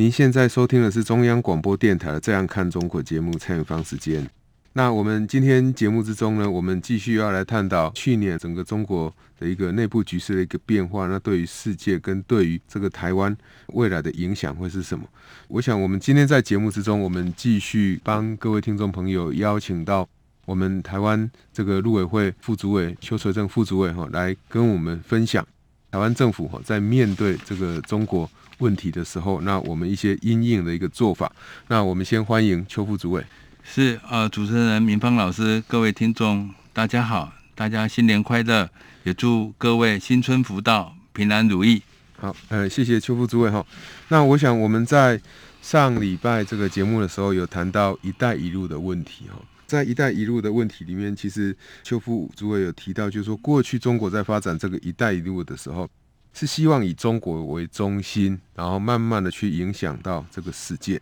您現在收聽的是中央廣播電臺的《這樣看中國》節目，蔡明芳時間。那我們今天節目之中呢，我們繼續要來探討去年整個中國的一個內部局勢的一個變化，那對於世界跟對於這個臺灣未來的影響會是什麼？我想我們今天在節目之中，我們繼續幫各位聽眾朋友邀請到我們臺灣這個陸委會副主委邱垂正副主委哈，來跟我們分享臺灣政府哈在面對這個中國。問題的時候，那我們一些因應的一個做法。那我們先歡迎邱副主委。是呃主持人明芳老師，各位聽眾，大家好，大家新年快樂，也祝各位新春福到，平安如意。好，呃，謝謝邱副主委哈。那我想我們在上禮拜這個節目的時候有談到“一帶一路”的問題哈，在“一帶一路”的問題裡面，其實邱副主委有提到，就是說過去中國在發展這個“一帶一路”的時候。是希望以中國為中心，然後慢慢的去影響到這個世界。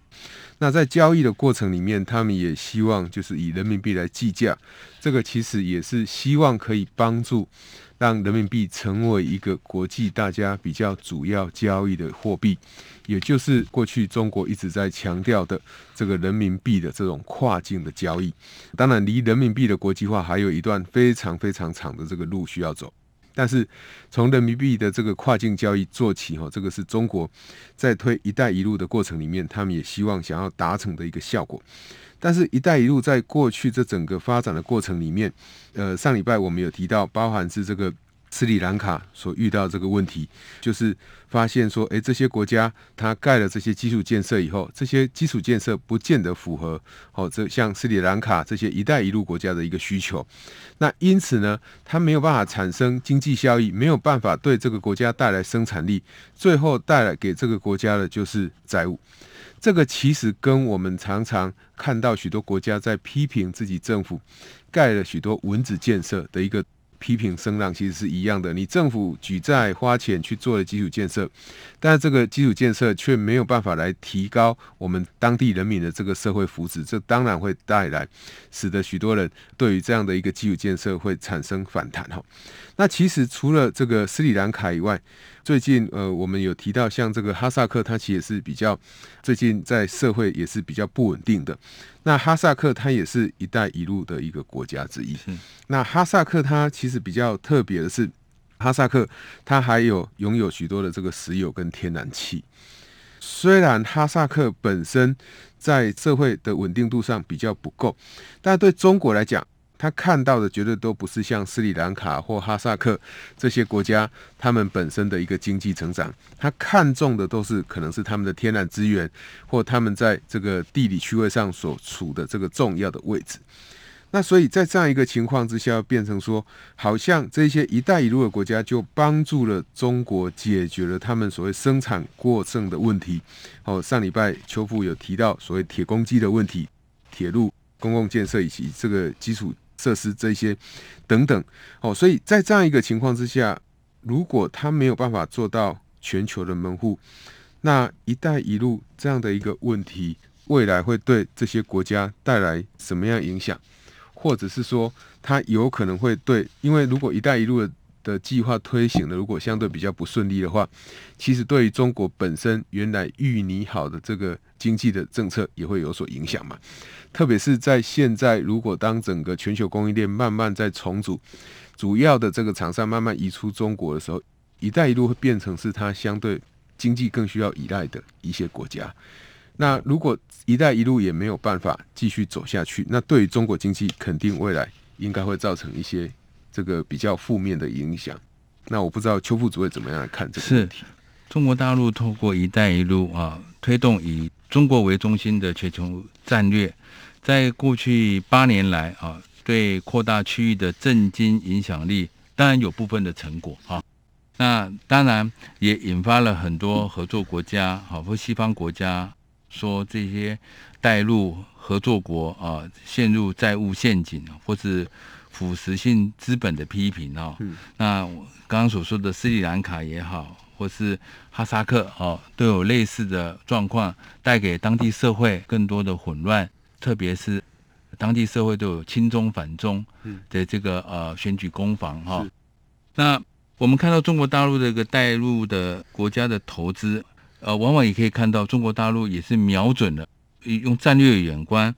那在交易的過程裡面，他們也希望就是以人民幣來計價，這個其實也是希望可以幫助讓人民幣成為一個國際大家比較主要交易的貨幣，也就是過去中國一直在強調的這個人民幣的這種跨境的交易。當然，離人民幣的國際化還有一段非常非常長的這個路需要走。但是從人民幣的這個跨境交易做起，哈，這個是中國在推“一帶一路”的過程裡面，他們也希望想要達成的一個效果。但是“一帶一路”在過去這整個發展的過程裡面，呃，上禮拜我們有提到，包含是這個。斯里蘭卡所遇到這個問題，就是發現說，哎，這些國家它蓋了這些基礎建設以後，這些基礎建設不見得符合哦，這像斯里蘭卡這些“一帶一路”國家的一個需求。那因此呢，它沒有辦法產生經濟效益，沒有辦法對這個國家帶來生產力，最後帶來給這個國家的就是債務。這個其實跟我們常常看到許多國家在批評自己政府蓋了許多蚊子建設的一個。批評聲浪其實是一樣的，你政府舉債花錢去做了基礎建設，但這個基礎建設卻沒有辦法來提高我們當地人民的這個社會福祉，這當然會帶來使得許多人對於這樣的一個基礎建設會產生反彈哈。那其實除了這個斯里蘭卡以外，最近呃我們有提到像這個哈薩克，它其實也是比較最近在社會也是比較不穩定的。那哈薩克它也是一帶一路的一個國家之一。那哈薩克它其實比較特別的是，哈薩克它還有擁有許多的這個石油跟天然氣。雖然哈薩克本身在社會的穩定度上比較不夠，但對中國來講。他看到的絕對都不是像斯里蘭卡或哈薩克這些國家，他們本身的一個經濟成長，他看重的都是可能是他們的天然資源或他們在這個地理區位上所處的這個重要的位置。那所以在這樣一個情況之下，變成說好像這些“一帶一路”的國家就幫助了中國解決了他們所謂生產過剩的問題。哦，上禮拜邱副有提到所謂“鐵公雞”的問題，鐵路公共建設以及這個基礎。設施這些等等，哦，所以在這樣一個情況之下，如果他沒有辦法做到全球的門戶，那“一帶一路”這樣的一個問題，未來會對這些國家帶來什麼樣影響？或者是說，它有可能會對？因為如果“一帶一路”的的計劃推行的如果相對比較不順利的話，其實對於中國本身原來預擬好的這個。經濟的政策也會有所影響嘛，特別是在現在，如果當整個全球供應鏈慢慢在重組，主要的這個廠商慢慢移出中國的時候，一帶一路會變成是它相對經濟更需要依賴的一些國家。那如果一帶一路也沒有辦法繼續走下去，那對於中國經濟肯定未來應該會造成一些這個比較負面的影響。那我不知道邱副主委怎麼樣來看這個問題？是，中國大陸透過一帶一路啊，推動以中國為中心的全球戰略，在過去八年來啊，對擴大區域的政經影響力，當然有部分的成果啊。那當然也引發了很多合作國家，好、啊、或西方國家說這些帶入合作國啊，陷入債務陷阱或是腐蝕性資本的批評啊。那剛剛所說的斯里蘭卡也好。或是哈薩克哦，都有類似的狀況，帶給當地社會更多的混亂，特別是當地社會都有親中反中的這個、嗯、呃選舉攻防哈、哦。那我們看到中國大陸這個帶入的國家的投資，呃，往往也可以看到中國大陸也是瞄準了用戰略眼光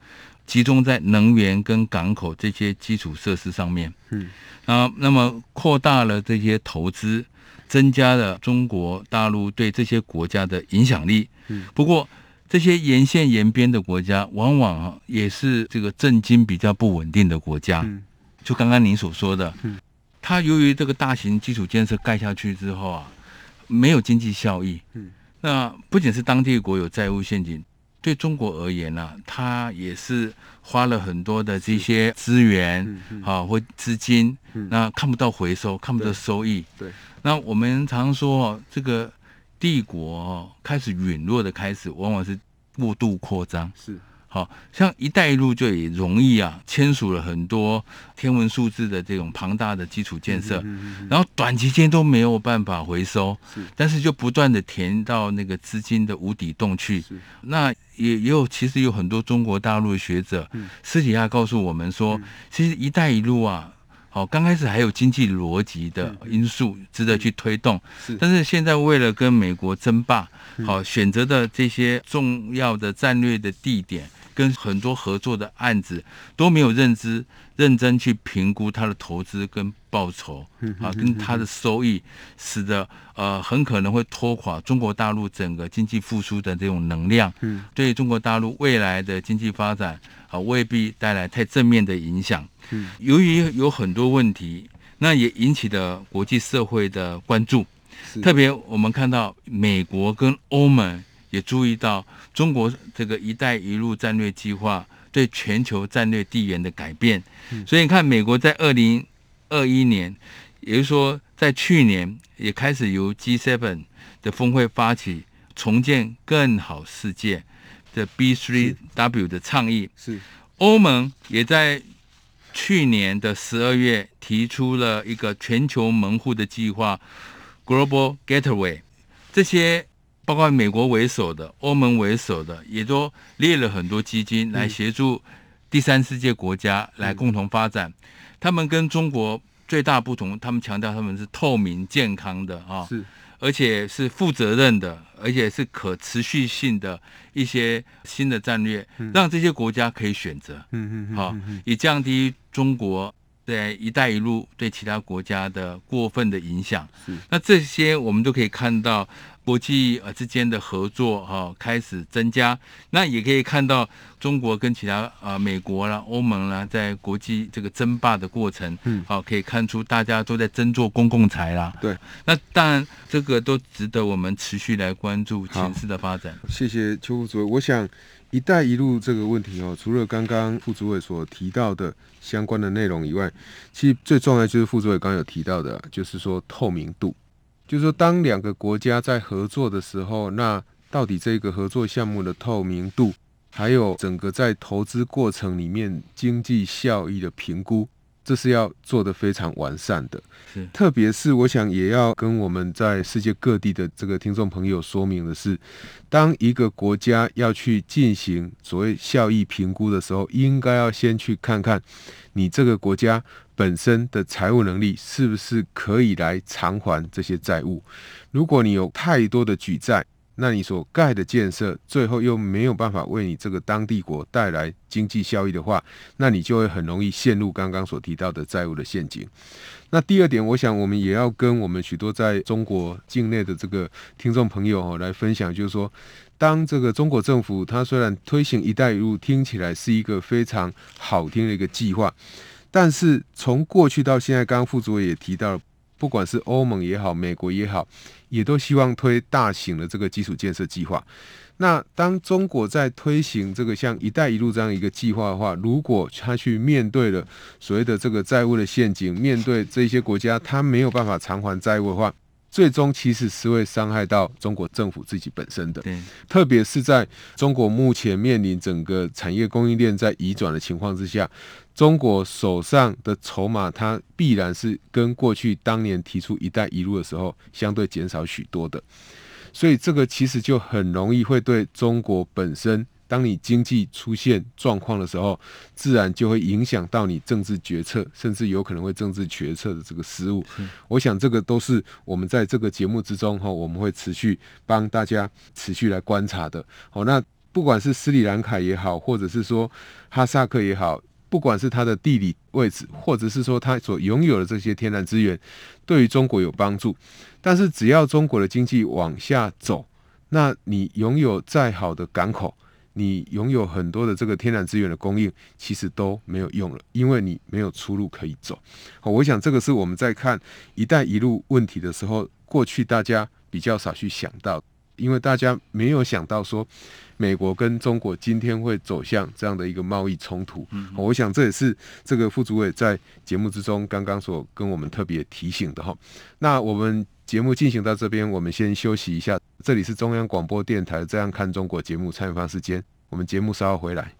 集中在能源跟港口這些基礎設施上面。嗯，啊、呃，那麼擴大了這些投資。增加了中國大陸對這些國家的影響力。嗯，不過這些沿線沿邊的國家往往也是這個政經比較不穩定的國家。嗯，就剛剛您所說的，嗯，它由於這個大型基礎建設蓋下去之後啊，沒有經濟效益。嗯，那不僅是當地國有債務陷阱。對中國而言呢，啊，它也是花了很多的這些資源啊或資金，嗯嗯，那看不到回收，看不到收益。對，對那我們常說這個帝國開始隕落的開始，往往是過度擴張。是。好像“一帶一路”就也容易啊，簽署了很多天文數字的這種龐大的基礎建設，然後短期間都沒有辦法回收，但是就不斷的填到那個資金的無底洞去。那也也有其實有很多中國大陸的學者私底下告訴我們說，其實“一帶一路”啊，好，剛開始還有經濟邏輯的因素值得去推動，但是現在為了跟美國爭霸，好選擇的這些重要的戰略的地點。跟很多合作的案子都沒有認知，認真去評估他的投資跟報酬，啊，跟他的收益，使得呃很可能會拖垮中國大陸整個經濟復甦的這種能量，嗯，對中國大陸未來的經濟發展啊未必帶來太正面的影響。由於有很多問題，那也引起了國際社會的關注，特別我們看到美國跟歐盟也注意到。中國這個“一帶一路”戰略計劃對全球戰略地緣的改變，嗯、所以你看，美國在二零二一年，也就是說在去年，也開始由 G7 的峰會發起“重建更好世界”的 B3W 的倡議。是，歐盟也在去年的十二月提出了一個全球門戶的計劃 “Global Gateway”。這些。包括美國為首的、歐盟為首的，也都列了很多基金來協助第三世界國家來共同發展。嗯、他們跟中國最大不同，他們強調他們是透明、健康的啊、哦，是而且是負責任的，而且是可持續性的一些新的戰略，嗯、讓這些國家可以選擇。嗯嗯，好、哦，以降低中國在“一帶一路”對其他國家的過分的影響。是那這些我們都可以看到。國際呃之間的合作哈開始增加，那也可以看到中國跟其他呃美國啦、歐盟啦，在國際這個爭霸的過程，嗯，好、哦、可以看出大家都在爭做公共財啦。對，那當然這個都值得我們持續來關注形勢的發展。謝謝邱副主委，我想“一帶一路”這個問題哦，除了剛剛副主委所提到的相關的內容以外，其實最重要就是副主委剛剛有提到的，就是說透明度。就是說，當兩個國家在合作的時候，那到底這個合作項目的透明度，還有整個在投資過程裡面經濟效益的評估，這是要做得非常完善的。是，特別是我想也要跟我們在世界各地的這個聽眾朋友說明的是，當一個國家要去進行所謂效益評估的時候，應該要先去看看你這個國家。本身的財務能力是不是可以來償還這些債務？如果你有太多的舉債，那你所蓋的建設最後又沒有辦法為你這個當地國帶來經濟效益的話，那你就會很容易陷入剛剛所提到的債務的陷阱。那第二點，我想我們也要跟我們許多在中國境內的這個聽眾朋友哈來分享，就是說，當這個中國政府它雖然推行“一帶一路”，聽起來是一個非常好聽的一個計劃。但是從過去到現在，剛剛副主委也提到，不管是歐盟也好，美國也好，也都希望推大型的這個基礎建設計劃。那當中國在推行這個像“一帶一路”這樣一個計劃的話，如果他去面對了所謂的這個債務的陷阱，面對這些國家他沒有辦法償還債務的話，最終其實是會傷害到中國政府自己本身的。對，特別是在中國目前面臨整個產業供應鏈在移轉的情況之下。中國手上的籌碼，它必然是跟過去當年提出“一帶一路”的時候相對減少許多的，所以這個其實就很容易會對中國本身，當你經濟出現狀況的時候，自然就會影響到你政治決策，甚至有可能會政治決策的這個失誤。我想這個都是我們在這個節目之中哈，我們會持續幫大家持續來觀察的。好，那不管是斯里蘭卡也好，或者是說哈薩克也好。不管是它的地理位置，或者是說它所擁有的這些天然資源，對於中國有幫助。但是只要中國的經濟往下走，那你擁有再好的港口，你擁有很多的這個天然資源的供應，其實都沒有用了，因為你沒有出路可以走。好，我想這個是我們在看“一帶一路”問題的時候，過去大家比較少去想到的。因為大家沒有想到說，美國跟中國今天會走向這樣的一個貿易衝突，嗯，我想這也是這個副主委在節目之中剛剛所跟我們特別提醒的哈。那我們節目進行到這邊，我們先休息一下。這裡是中央廣播電台《這樣看中國》節目蔡明芳時間，我們節目稍後回來。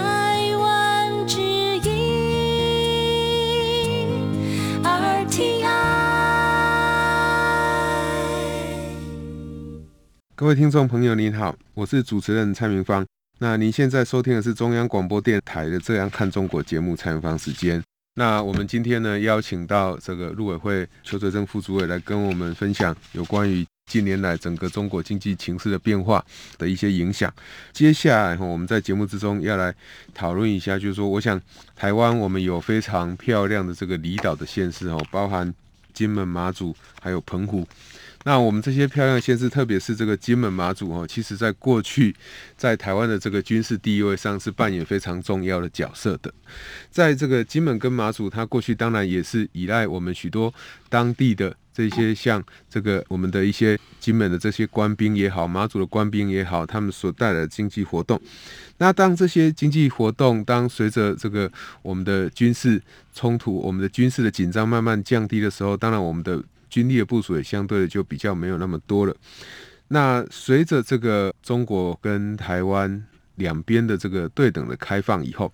台灣之音 RTI 各位聽眾朋友，你好，我是主持人蔡明芳。那您現在收聽的是中央廣播電台的《這樣看中國》節目，蔡明芳時間。那我們今天呢，邀請到這個陸委會邱垂正副主委來跟我們分享有關於近年來整個中國經濟情勢的變化的一些影響，接下來我們在節目之中要來討論一下，就是說我想台灣我們有非常漂亮的這個離島的縣市哦，包含金門、馬祖，還有澎湖。那我們這些漂亮縣市，特別是這個金門馬祖哦，其實在過去，在台灣的這個軍事地位上是扮演非常重要的角色的。在這個金門跟馬祖，它過去當然也是依賴我們許多當地的這些，像這個我們的一些金門的這些官兵也好，馬祖的官兵也好，他們所帶來的經濟活動。那當這些經濟活動，當隨着這個我們的軍事衝突，我們的軍事的緊張慢慢降低的時候，當然我們的。軍力的部署也相對的就比較沒有那麼多了。那隨着這個中國跟台灣兩邊的這個對等的開放以後，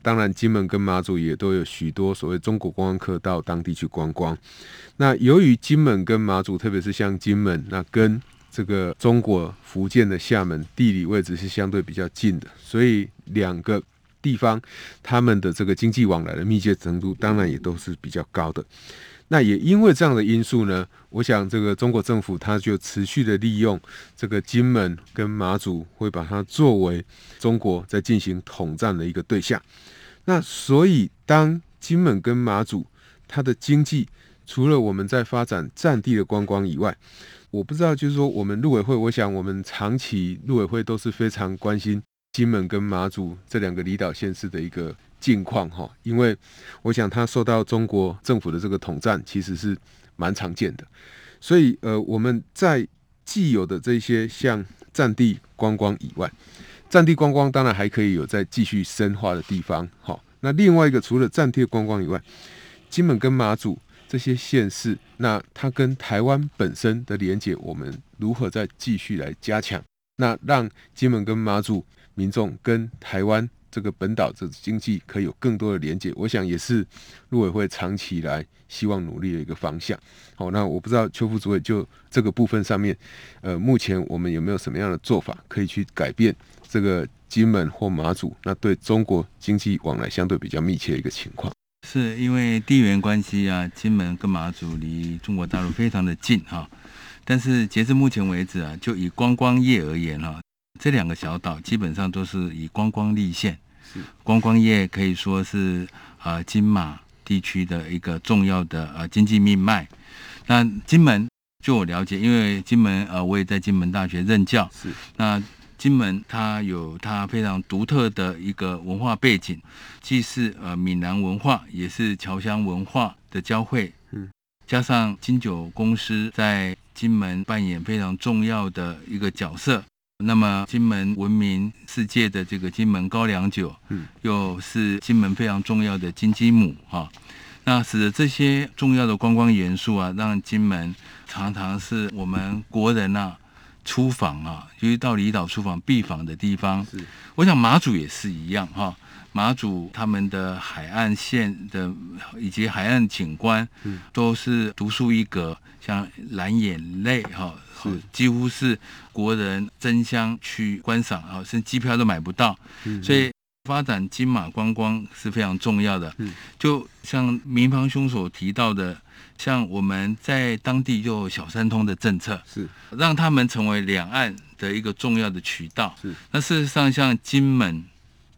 當然金門跟馬祖也都有許多所謂中國觀光客到當地去觀光。那由於金門跟馬祖，特別是像金門，那跟這個中國福建的廈門地理位置是相對比較近的，所以兩個地方他們的這個經濟往來的密切程度，當然也都是比較高的。那也因為這樣的因素呢，我想這個中國政府它就持續的利用這個金門跟馬祖，會把它作為中國在進行統戰的一個對象。那所以當金門跟馬祖它的經濟除了我們在發展戰地的觀光以外，我不知道就是說我們陸委會，我想我們長期陸委會都是非常關心金門跟馬祖這兩個離島縣市的一個。境況哈，因為我想他受到中國政府的這個統戰，其實是蠻常見的。所以呃，我們在既有的這些像戰地觀光以外，戰地觀光當然還可以有再繼續深化的地方。那另外一個除了戰地觀光以外，金門跟馬祖這些縣市，那它跟台灣本身的連接，我們如何再繼續來加強？那讓金門跟馬祖民眾跟台灣。這個本島這經濟可以有更多的連接，我想也是陸委會長期以來希望努力的一個方向。好、哦，那我不知道邱副主委就這個部分上面，呃，目前我們有沒有什麼樣的做法可以去改變這個金門或馬祖那對中國經濟往來相對比較密切的一個情況？是因為地緣關係啊，金門跟馬祖離中國大陸非常的近哈，但是截至目前為止啊，就以觀光業而言啊，這兩個小島基本上都是以觀光立縣。是觀光業可以說是呃金馬地區的一個重要的呃經濟命脈。那金門據我了解，因為金門呃我也在金門大學任教，是。那金門它有它非常獨特的一個文化背景，既是呃閩南文化，也是僑鄉文化的交匯。嗯，加上金酒公司在金門扮演非常重要的一個角色。那麼金門聞名世界的這個金門高粱酒，嗯，又是金門非常重要的金雞母哈、啊。那使得這些重要的觀光元素啊，讓金門常常是我們國人啊出訪啊，尤其到離島出訪必訪的地方。是，我想馬祖也是一樣哈、啊。馬祖他們的海岸線的以及海岸景觀，嗯，都是獨樹一格。像藍眼淚哈，幾乎是國人爭相去觀賞啊，甚至機票都買不到。嗯，所以發展金馬觀光是非常重要的。嗯，就像明芳兄所提到的，像我們在當地就有小三通的政策，是讓他們成為兩岸的一個重要的渠道。是，那事實上像金門。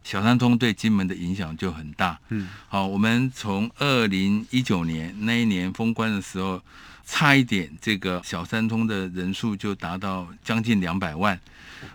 小三通對金門的影響就很大。嗯，好，哦，我們從二零一九年那一年封關的時候，差一點這個小三通的人數就達到將近兩百萬。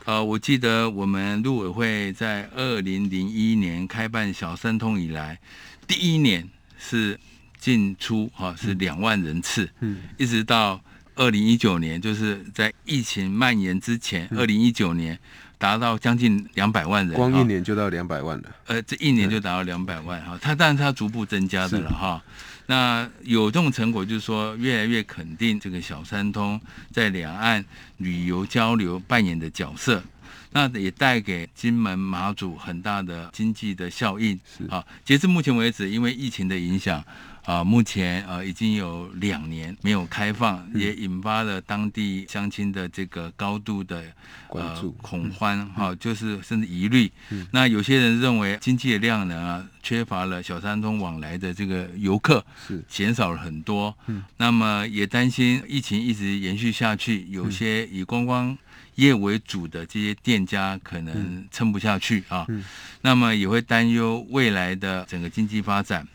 呃，我記得我們陸委會在二零零一年開辦小三通以來，第一年是進出哈，哦，是兩萬人次。嗯，一直到二零一九年，就是在疫情蔓延之前，二零一九年。嗯嗯達到將近兩百萬人，光一年就到兩百萬了。呃，這一年就達到兩百萬哈，它但是它逐步增加的了哈。那有這種成果，就是說越來越肯定這個小三通在兩岸旅遊交流扮演的角色，那也帶給金門馬祖很大的經濟的效應。是啊，截至目前為止，因為疫情的影響。啊，目前呃、啊、已經有兩年沒有開放、嗯，也引發了當地鄉親的這個高度的呃恐慌哈、嗯啊，就是甚至疑慮、嗯。那有些人認為，經濟的量呢、啊、缺乏了小三通往來的這個遊客是減少了很多，嗯、那麼也擔心疫情一直延續下去，有些以觀光,光業為主的這些店家可能撐不下去、嗯、啊、嗯。那麼也會擔憂未來的整個經濟發展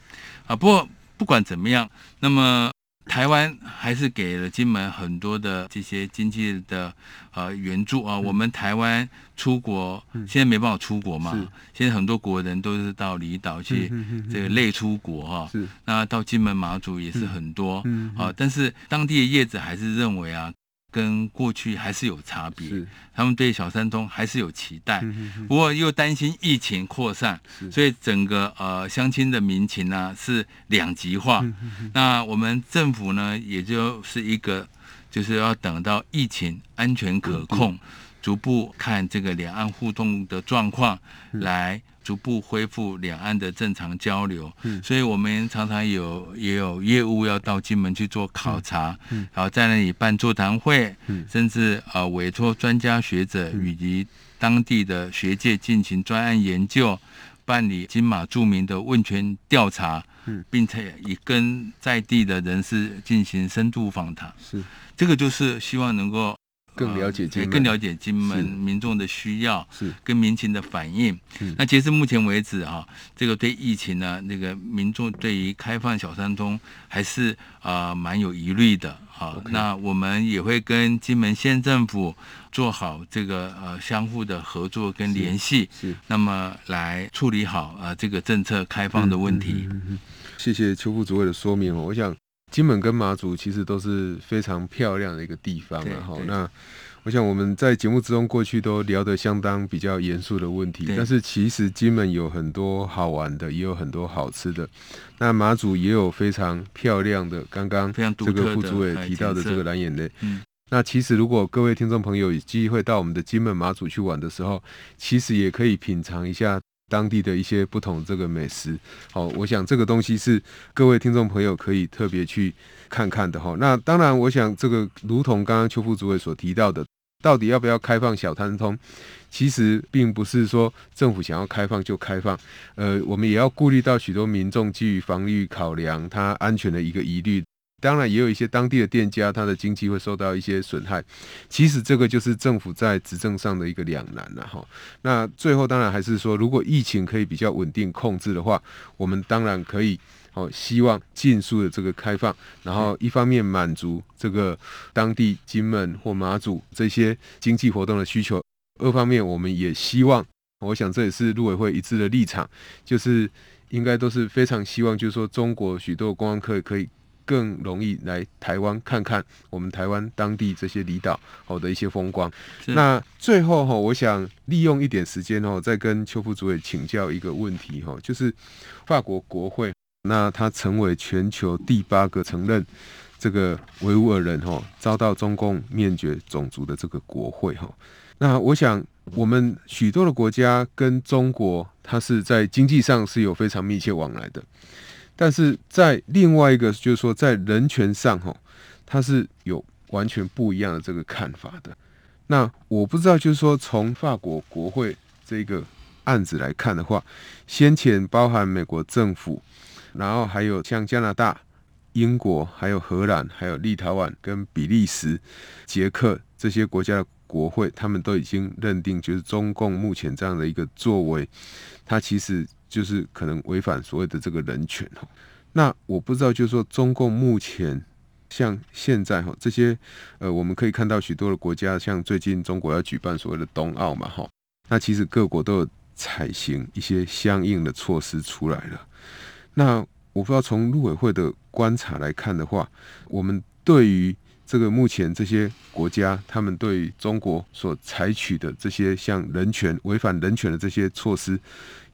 啊。不過。不管怎麼樣，那麼台灣還是給了金門很多的這些經濟的呃援助啊。我們台灣出國現在沒辦法出國嘛、嗯，現在很多國人都是到離島去這個類出國哈、嗯嗯嗯。那到金門馬祖也是很多啊、嗯嗯嗯嗯，但是當地的業者還是認為啊。跟過去還是有差別，他們對小三通還是有期待，呵呵呵不過又擔心疫情擴散，所以整個呃鄉親的民情呢、啊、是兩極化呵呵呵。那我們政府呢，也就是一個就是要等到疫情安全可控，嗯、逐步看這個兩岸互動的狀況、嗯、來。逐步恢復兩岸的正常交流，嗯，所以我們常常有也有業務要到金門去做考察嗯，嗯，然後在那裡辦座談會，嗯，甚至啊、呃、委託專家學者以及當地的學界進行專案研究，嗯、辦理金馬著名的問卷調查，嗯，並且已跟在地的人士進行深度訪談，是這個就是希望能夠。更了解更了解金門、啊、解金門民眾的需要，是跟民情的反應、嗯。那截至目前為止，啊，這個對疫情呢，那個民眾對於開放小三通還是啊蠻、呃、有疑慮的，好、啊，Okay, 那我們也會跟金門縣政府做好這個呃相互的合作跟聯繫，是，是那麼來處理好啊、呃、這個政策開放的問題、嗯嗯嗯嗯嗯嗯。謝謝邱副主委的說明，我想。金門跟馬祖其實都是非常漂亮的一個地方啊。然後那我想我們在節目之中過去都聊得相當比較嚴肅的問題，但是其實金門有很多好玩的，也有很多好吃的。那馬祖也有非常漂亮的，剛剛這個副主委提到的這個藍眼淚、嗯。那其實如果各位聽眾朋友有機會到我們的金門馬祖去玩的時候，其實也可以品嘗一下。當地的一些不同這個美食，好，我想這個東西是各位聽眾朋友可以特別去看看的哈。那當然，我想這個如同剛剛邱副主委所提到的，到底要不要開放小三通，其實並不是說政府想要開放就開放，呃，我們也要顧慮到許多民眾基於防疫考量，他安全的一個疑慮。當然，也有一些當地的店家，他的經濟會受到一些損害。其實，這個就是政府在執政上的一個兩難了、啊、哈。那最後，當然還是說，如果疫情可以比較穩定控制的話，我們當然可以哦，希望盡速的這個開放。然後，一方面滿足這個當地金門或馬祖這些經濟活動的需求，二方面，我們也希望，我想這也是陸委會一致的立場，就是應該都是非常希望，就是說，中國許多觀光客可以。更容易來台灣看看我們台灣當地，這些離島好的一些風光。那最後哈、哦，我想利用一點時間哈、哦，再跟邱副主委請教一個問題哈、哦，就是法國國會，那它成為全球第八個承認這個維吾爾人哈、哦，遭到中共滅絕種族的這個國會哈。那我想我們許多的國家跟中國，它是在經濟上是有非常密切往來的。但是在另外一個，就是說在人權上，吼，它是有完全不一樣的這個看法的。那我不知道，就是說從法國國會這個案子來看的話，先前包含美國政府，然後還有像加拿大、英國、還有荷蘭、還有立陶宛跟比利時、捷克這些國家的國會，他們都已經認定，就是中共目前這樣的一個作為，他其實。就是可能違反所謂的這個人權。那我不知道，就是說，中共目前像現在哈這些呃，我們可以看到許多的國家，像最近中國要舉辦所謂的冬奧嘛哈。那其實各國都有採行一些相應的措施出來了。那我不知道從陸委會的觀察來看的話，我們對於這個目前這些國家他們對於中國所採取的這些像人權違反人權的這些措施，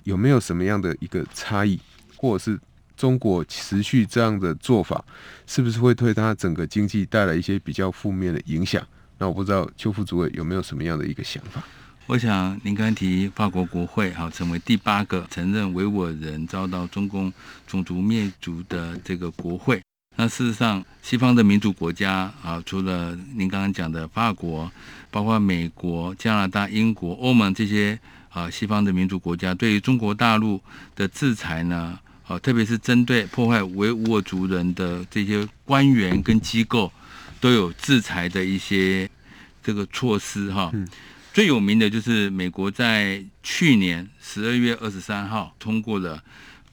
有沒有什麼樣的一個差異，或者是中國持續這樣的做法，是不是會對他整個經濟帶來一些比較負面的影響？那我不知道邱副主委有沒有什麼樣的一個想法？我想您剛剛提法國國會啊，成為第八個承認維吾爾人遭到中共種族滅族的這個國會。那事實上，西方的民主國家啊，除了您剛剛講的法國，包括美國、加拿大、英國、歐盟這些。啊，西方的民主國家對於中國大陸的制裁呢，啊，特別是針對破壞維吾爾族人的這些官員跟機構，都有制裁的一些這個措施哈、嗯。最有名的就是美國在去年十二月二十三號通過了《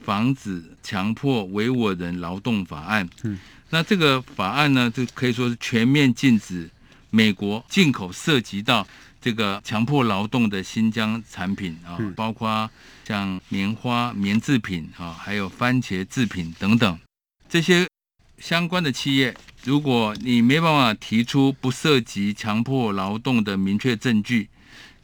防止強迫維吾爾人勞動法案》嗯。那這個法案呢，就可以說是全面禁止美國進口涉及到。這個強迫勞動的新疆產品啊，包括像棉花、棉製品啊，還有番茄製品等等，這些相關的企業，如果你沒辦法提出不涉及強迫勞動的明確證據，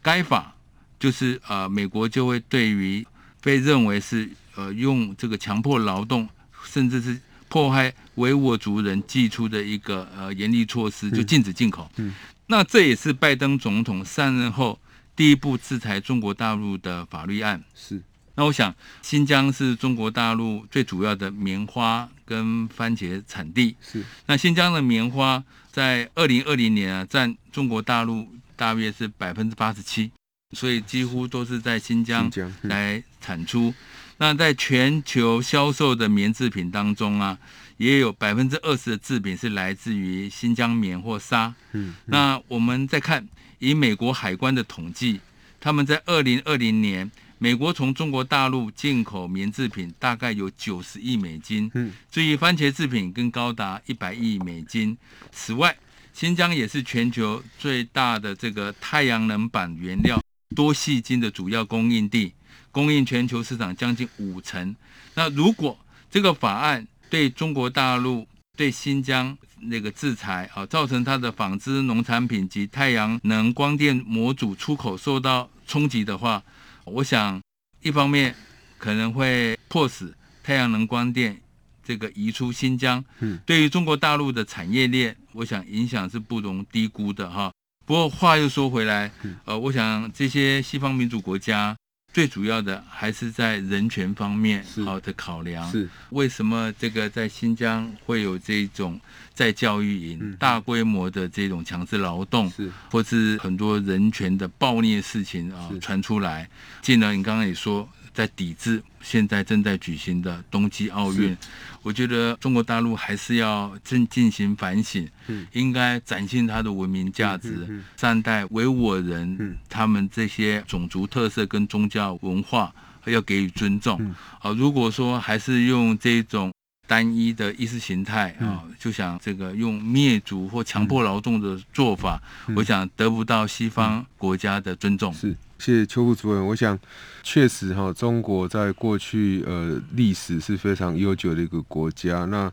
該法就是啊、呃，美國就會對於被認為是呃用這個強迫勞動，甚至是迫害維吾爾族人祭出的一個呃嚴厲措施，就禁止進口。嗯嗯那這也是拜登總統上任後第一部制裁中國大陸的法律案。是。那我想，新疆是中國大陸最主要的棉花跟番茄產地。是。那新疆的棉花在二零二零年啊，占中國大陸大約是百分之八十七，所以幾乎都是在新疆來產出。嗯、那在全球銷售的棉製品當中啊。也有百分之二十的製品是來自於新疆棉或紗。嗯。嗯。那我們再看，以美國海關的統計，他們在二零二零年，美國從中國大陸進口棉製品大概有九十億美金。嗯。至於番茄製品，更高達一百億美金。此外，新疆也是全球最大的這個太陽能板原料多晶矽的主要供應地，供應全球市場將近五成。那如果這個法案，對中國大陸、對新疆那個制裁啊，造成它的紡織、農產品及太陽能光電模組出口受到衝擊的話，我想一方面可能會迫使太陽能光電這個移出新疆。嗯，對於中國大陸的產業鏈，我想影響是不容低估的哈、啊。不過話又說回來，呃，我想這些西方民主國家。最主要的還是在人權方面好的考量，是為什麼這個在新疆會有這種在教育營大規模的這種強制勞動是，或是很多人權的暴虐事情啊傳出來，既然你剛剛也說。在抵制現在正在舉行的冬季奧運，我覺得中國大陸還是要正進行反省，應該展現它的文明價值，善待維吾爾人，他們這些種族特色跟宗教文化要給予尊重。啊，如果說還是用這種。單一的意識形態啊、嗯哦，就想這個用滅族或強迫勞動的做法，嗯，我想得不到西方國家的尊重。是，謝謝邱副主委。我想，確實哈、哦，中國在過去呃歷史是非常悠久的一個國家。那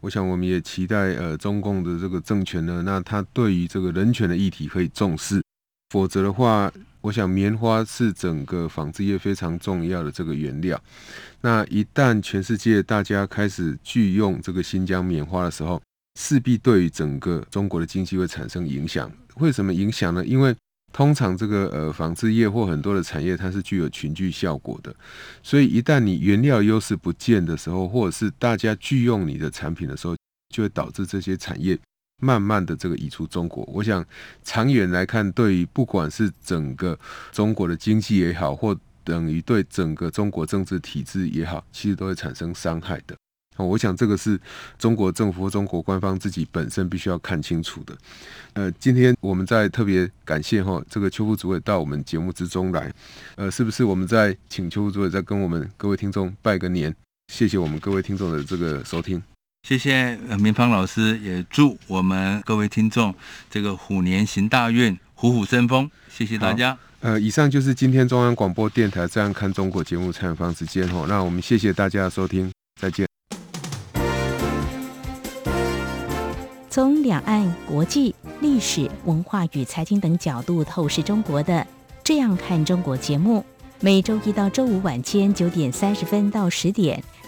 我想，我們也期待呃中共的這個政權呢，那他對於這個人權的議題可以重視，否則的話。我想棉花是整個紡織業非常重要的這個原料。那一旦全世界大家開始拒用這個新疆棉花的時候，勢必對於整個中國的經濟會產生影響。為什麼影響呢？因為通常這個呃紡織業或很多的產業它是具有群聚效果的，所以一旦你原料優勢不見的時候，或者是大家拒用你的產品的時候，就會導致這些產業。慢慢的這個移出中國，我想長遠來看，對於不管是整個中國的經濟也好，或等於對整個中國政治體制也好，其實都會產生傷害的。哦、我想這個是中國政府和中國官方自己本身必須要看清楚的。呃，今天我們在特別感謝哈、哦、這個邱副主委到我們節目之中來，呃，是不是我們在請邱副主委再跟我們各位聽眾拜個年？謝謝我們各位聽眾的這個收聽。謝謝呃，明芳老師，也祝我們各位聽眾這個虎年行大運，虎虎生風。謝謝大家。呃，以上就是今天中央廣播電台《這樣看中國》節目採訪時間哦。那我們謝謝大家的收聽，再見。從兩岸、國際、歷史、文化與財經等角度透視中國的《這樣看中國》節目，每周一到周五晚間九點三十分到十點。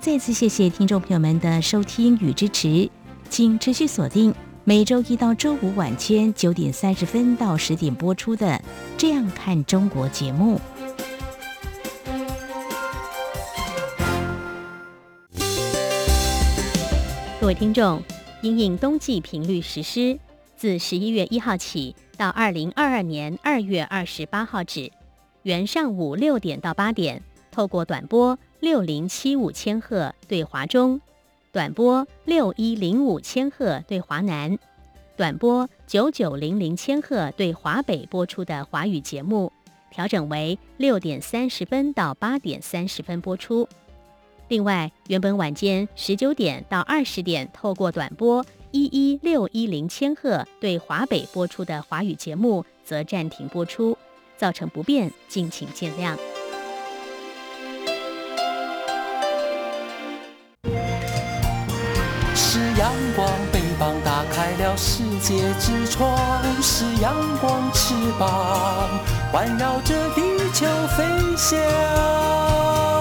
再次謝謝聽眾朋友們的收聽與支持，請持續鎖定每週一到週五晚間九點三十分到十點播出的《這樣看中國》節目。各位聽眾，因應冬季頻率實施自十一月一號起到二零二二年二月二十八號止，原上午六點到八點。透過短波六零七五千赫對華中，短波六一零五千赫對華南，短波九九零零千赫對華北播出的華語節目，調整為六點三十分到八點三十分播出。另外，原本晚間十九點到二十點透過短波一一六一零千赫對華北播出的華語節目，則暫停播出，造成不便，敬請見諒。世界之窗是陽光翅膀，環繞着地球飛翔。